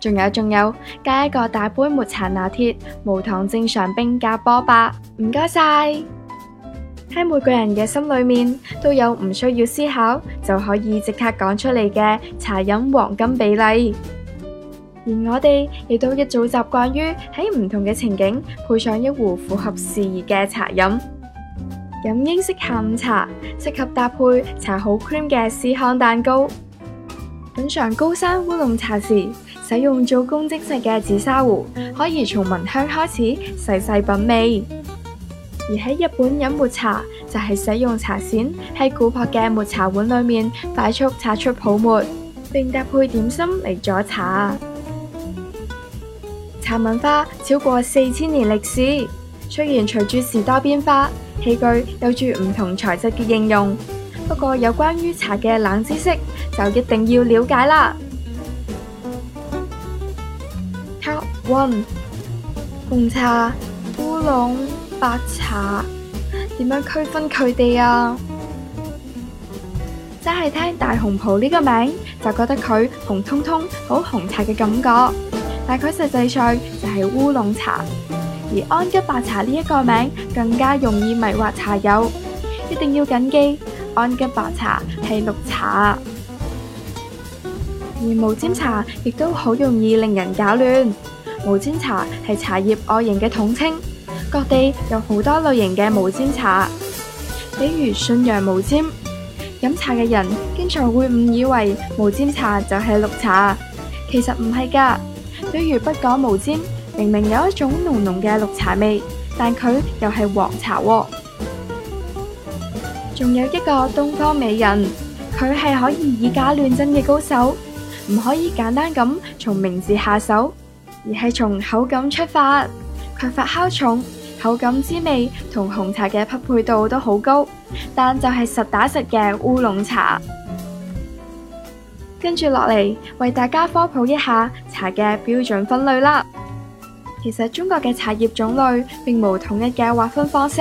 仲有仲有，加一個大杯抹茶拿鐵，無糖，正常冰，加波霸。唔該晒。喺每個人嘅心裏面，都有唔需要思考就可以即刻講出嚟嘅茶飲黃金比例。而我哋亦都一早習慣於喺唔同嘅情景配上一壺符合時宜嘅茶飲。飲英式下午茶，適合搭配茶好 cream 嘅司康蛋糕。品嘗高山烏龍茶時，使用做工精緻嘅紫砂壺，可以從聞香開始細細品味。而喺日本飲抹茶，就係、是、使用茶筅喺古樸嘅抹茶碗裏面快速擦出泡沫，並搭配點心嚟佐茶。茶文化超過四千年歷史，雖然隨住時代變化，器具有住唔同材質嘅應用，不過有關於茶嘅冷知識就一定要了解啦。溫紅茶、烏龍、白茶，點樣區分佢哋啊？真係聽大紅袍呢個名，就覺得佢紅通通，好紅茶嘅感覺。但佢實際上就係烏龍茶。而安吉白茶呢一個名，更加容易迷惑茶友。一定要謹記，安吉白茶係綠茶。而毛尖茶亦都好容易令人搞亂。毛尖茶係茶葉外形嘅統稱，各地有好多類型嘅毛尖茶，比如信陽毛尖。飲茶嘅人經常會誤以為毛尖茶就係綠茶，其實唔係噶。比如北港毛尖，明明有一種濃濃嘅綠茶味，但佢又係黃茶喎。仲有一個東方美人，佢係可以以假亂真嘅高手，唔可以簡單咁從名字下手。而係從口感出發，佢發酵重，口感滋味同紅茶嘅匹配度都好高，但就係實打實嘅烏龍茶。跟住落嚟，為大家科普一下茶嘅標準分類啦。其實中國嘅茶葉種類並冇統一嘅劃分方式，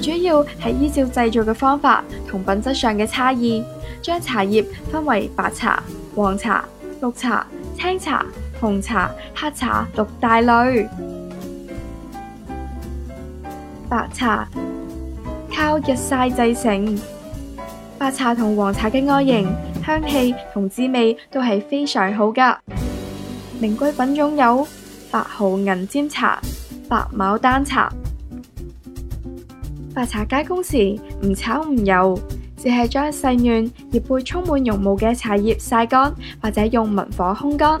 主要係依照製造嘅方法同品質上嘅差異，將茶葉分為白茶、黃茶、綠茶、青茶、紅茶、黑茶，六大類，白茶靠日曬製成。白茶同黃茶嘅外形、香氣同滋味都係非常好噶。名貴品種有白毫銀尖茶、白牡丹茶。白茶加工時唔炒唔揉，只係將細嫩葉背充滿絨毛嘅茶葉曬乾，或者用文火烘乾。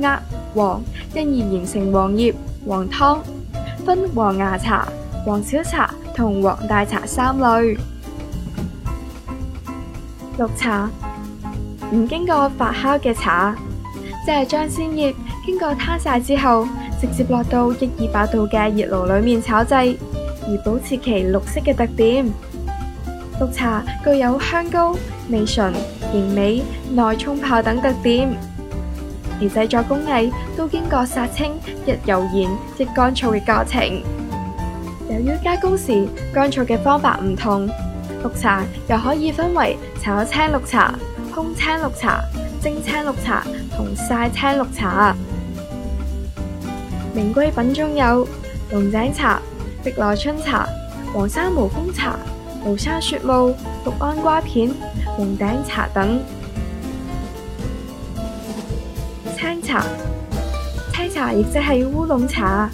葉黃，因而形成黃葉、黃湯，分黃芽茶、黃小茶同黃大茶三類。綠茶唔經過發酵嘅茶，即係將鮮葉經過攤曬之後，直接落到一二百度嘅熱爐裏面炒製，而保持其綠色嘅特點。綠茶具有香高、味醇、形美、耐沖泡等特點。而製作工藝都經過殺青、揉捻即乾燥嘅過程。由於加工時乾燥嘅方法唔同，綠茶又可以分為炒青綠茶、烘青綠茶、蒸青綠茶同曬青綠茶。名貴品種有龍井茶、碧螺春茶、黃山毛峰茶、廬山雲霧、六安瓜片、蒙頂茶等。青茶，青茶亦即係烏龍茶，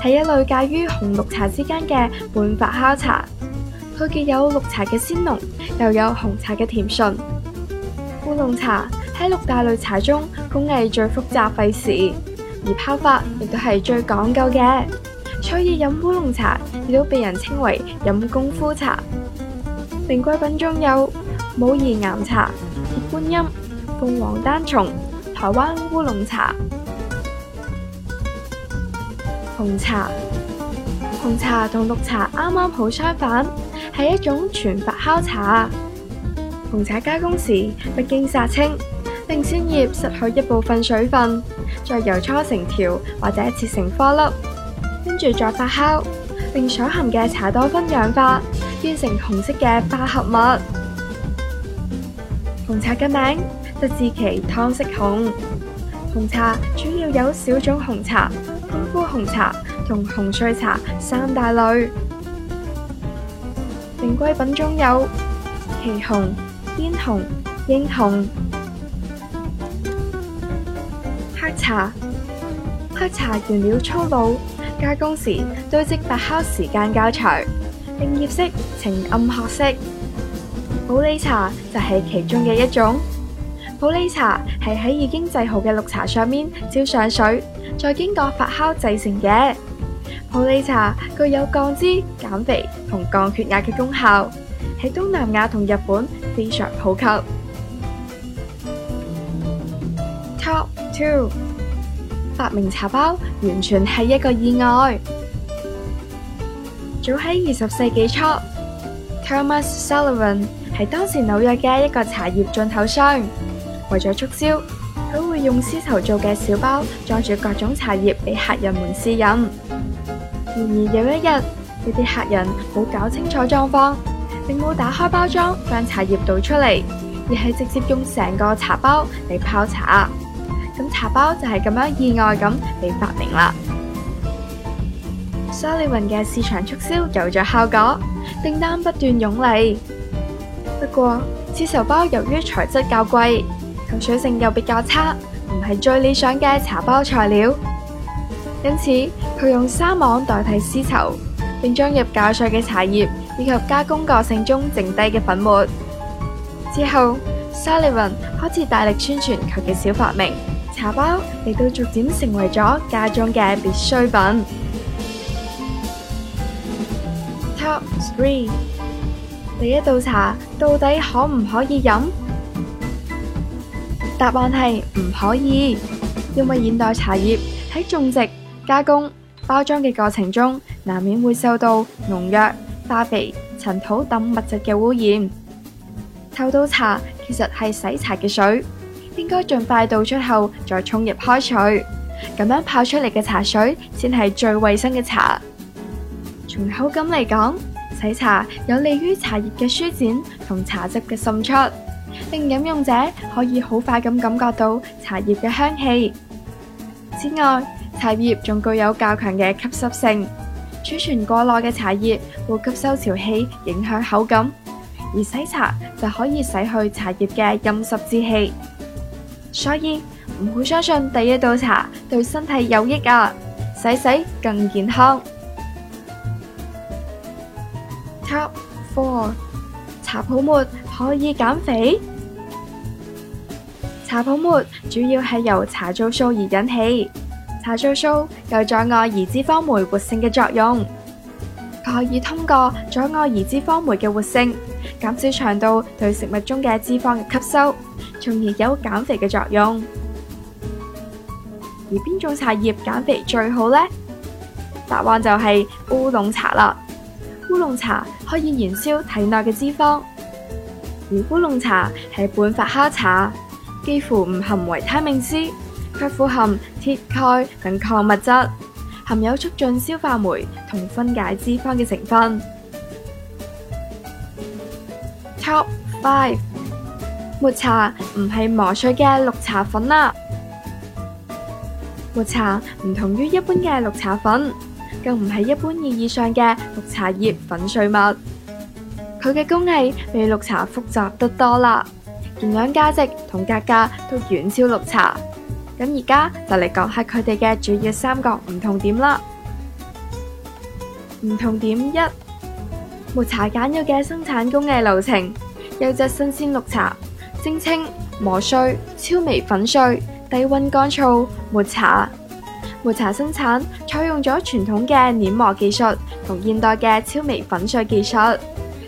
係一類介於紅綠茶之間嘅半發酵茶。佢既有綠茶嘅鮮濃，又有紅茶嘅甜醇。烏龍茶喺六大類茶中工藝最複雜費時，而泡法亦都係最講究嘅，所以飲烏龍茶亦都被人稱為飲功夫茶。名貴品種有武夷岩茶、鐵觀音、鳳凰單叢。台灣烏龍茶。紅茶，紅茶同綠茶啱啱好相反，係一種全發酵茶。紅茶加工時不經殺青，令鮮葉失去一部分水分，再揉搓，成條或者切成顆粒，跟住再發酵，令所含嘅茶多酚氧化，變成紅色嘅化合物。紅茶嘅名。德字旗湯色紅，紅茶主要有小種紅茶、功夫紅茶同紅碎茶三大類。名貴品種有祁紅、滇紅、英紅。黑茶。黑茶原料粗老，加工時堆積發酵時間較長，定葉色呈暗褐色。普洱茶就係其中嘅一種。普洱茶係喺已經製好嘅綠茶上面澆上水，再經過發酵製成嘅。普洱茶具有降脂、減肥同降血壓嘅功效，喺東南亞同日本非常普及。Top two，發明茶包完全係一個意外。早喺二十世紀初，Thomas Sullivan 係當時紐約嘅一個茶葉進口商。為咗促銷，佢會用絲綢做嘅小包裝住各種茶葉俾客人們試飲。然而有一日，一啲客人冇搞清楚狀況，並冇打開包裝將茶葉倒出嚟，而係直接用成個茶包嚟泡茶。咁茶包就係咁樣意外咁被發明啦。沙利文嘅市場促銷有咗效果，訂單不斷湧嚟。不過絲綢包由於材質較貴，水性又比較差，唔係最理想嘅茶包材料，因此佢用紗網代替絲綢，並裝入絞碎嘅茶葉以及加工過程中剩低嘅粉末。之後，沙利文開始大力宣傳佢嘅小發明茶包，亦都逐漸成為咗家中嘅必需品。Top three，第一道茶到底可唔可以飲？答案係唔可以，因為現代茶葉喺種植、加工、包裝嘅過程中，難免會受到農藥、化肥、塵土等物質嘅污染。頭道茶其實係洗茶嘅水，應該盡快倒出後再沖入開水，咁樣泡出嚟嘅茶水先係最衛生嘅茶。從口感嚟講，洗茶有利於茶葉嘅舒展同茶汁嘅滲出。令飲用者可以好快咁感覺到茶葉嘅香氣。此外，茶葉仲具有較強嘅吸濕性，儲存過耐嘅茶葉會吸收潮氣，影響口感。而洗茶就可以洗去茶葉嘅陰濕之氣，所以唔好相信第一道茶對身體有益啊！洗洗更健康。Top four，茶泡沫可以減肥。茶泡沫主要係由茶皂素而引起，茶皂素有阻礙胰脂肪酶活性嘅作用。佢可以通過阻礙胰脂肪酶嘅活性，減少腸道對食物中嘅脂肪嘅吸收，從而有減肥嘅作用。而邊種茶葉減肥最好呢？答案就係烏龍茶啦。烏龍茶可以燃燒體內嘅脂肪，而烏龍茶係半發酵茶。幾乎唔含維他命 C，卻富含鐵鈣等礦物質，含有促進消化酶同分解脂肪嘅成分。Top five，抹茶唔係磨碎嘅綠茶粉啦，抹茶唔同於一般嘅綠茶粉，更唔係一般意義上嘅綠茶葉粉碎物，佢嘅工藝比綠茶複雜得多啦。營養價值同價格都遠超綠茶，咁而家就嚟講下佢哋嘅主要三個唔同點啦。唔同點一，抹茶簡約嘅生產工藝流程：優質新鮮綠茶、蒸青、磨碎、超微粉碎、低溫乾燥、抹茶。抹茶生產採用咗傳統嘅碾磨技術同現代嘅超微粉碎技術。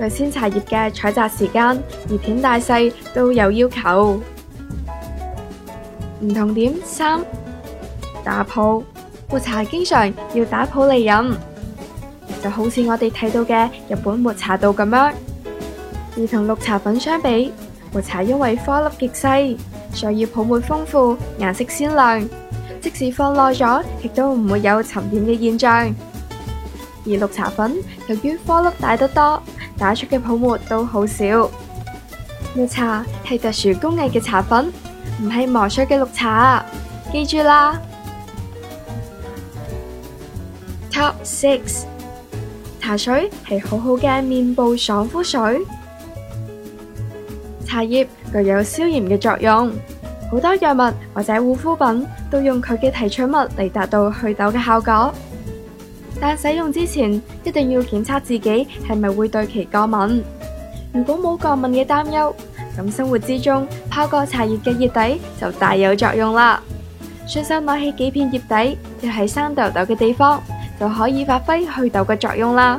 對鮮茶葉嘅採摘時間、葉片大細都有要求。唔同點三打泡，抹茶經常要打泡嚟飲，就好似我哋睇到嘅日本抹茶道咁樣。而同綠茶粉相比，抹茶因為顆粒極細，所以要泡沫豐富、顏色鮮亮，即使放耐咗，亦都唔會有沉澱嘅現象。而綠茶粉由於顆粒大得多。打出嘅泡沫都好少。綠茶係特殊工藝嘅茶粉，唔係磨碎嘅綠茶。記住啦。Top six，茶水係好好嘅面部爽膚水。茶葉具有消炎嘅作用，好多藥物或者護膚品都用佢嘅提取物嚟達到去痘嘅效果。但使用之前一定要檢測自己係咪會對其過敏。如果冇過敏嘅擔憂，咁生活之中泡過茶葉嘅葉底就大有作用啦。順手攞起幾片葉底，貼喺生痘痘嘅地方，就可以發揮祛痘嘅作用啦。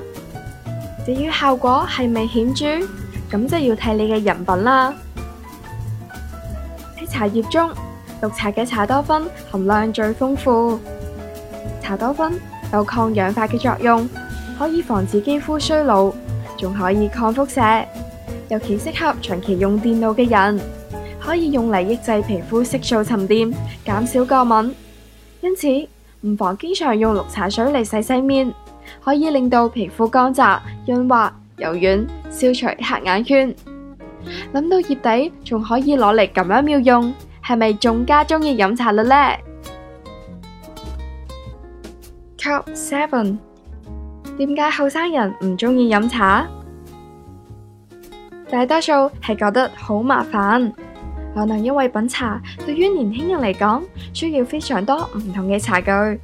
至於效果係咪顯著，咁就要睇你嘅人品啦。喺茶葉中，綠茶嘅茶多酚含量最豐富，茶多酚。有抗氧化嘅作用，可以防止肌膚衰老，仲可以抗輻射，尤其適合長期用電腦嘅人，可以用嚟抑制皮膚色素沉澱，減少過敏。因此唔妨經常用綠茶水嚟洗洗面，可以令到皮膚光澤、潤滑、柔軟，消除黑眼圈。諗到葉底仲可以攞嚟咁樣妙用，係咪仲加中意飲茶啦呢？Seven，點解後生人唔中意飲茶？大多數係覺得好麻煩，可能因為品茶對於年輕人嚟講，需要非常多唔同嘅茶具，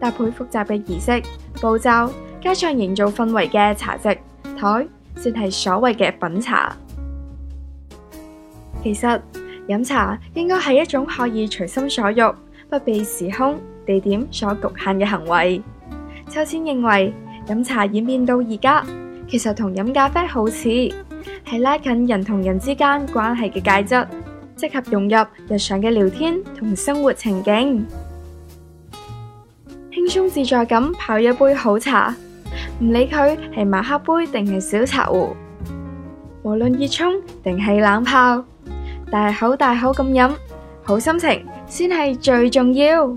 搭配複雜嘅儀式步驟，加上營造氛圍嘅茶席台，先係所謂嘅品茶。其實飲茶應該係一種可以隨心所欲，不被時空地點所局限嘅行為，秋千認為飲茶演變到而家，其實同飲咖啡好似係拉近人同人之間關係嘅介質，適合融入日常嘅聊天同生活情景，輕鬆自在咁泡一杯好茶，唔理佢係馬克杯定係小茶壺，無論熱沖定係冷泡，大口大口咁飲，好心情先係最重要。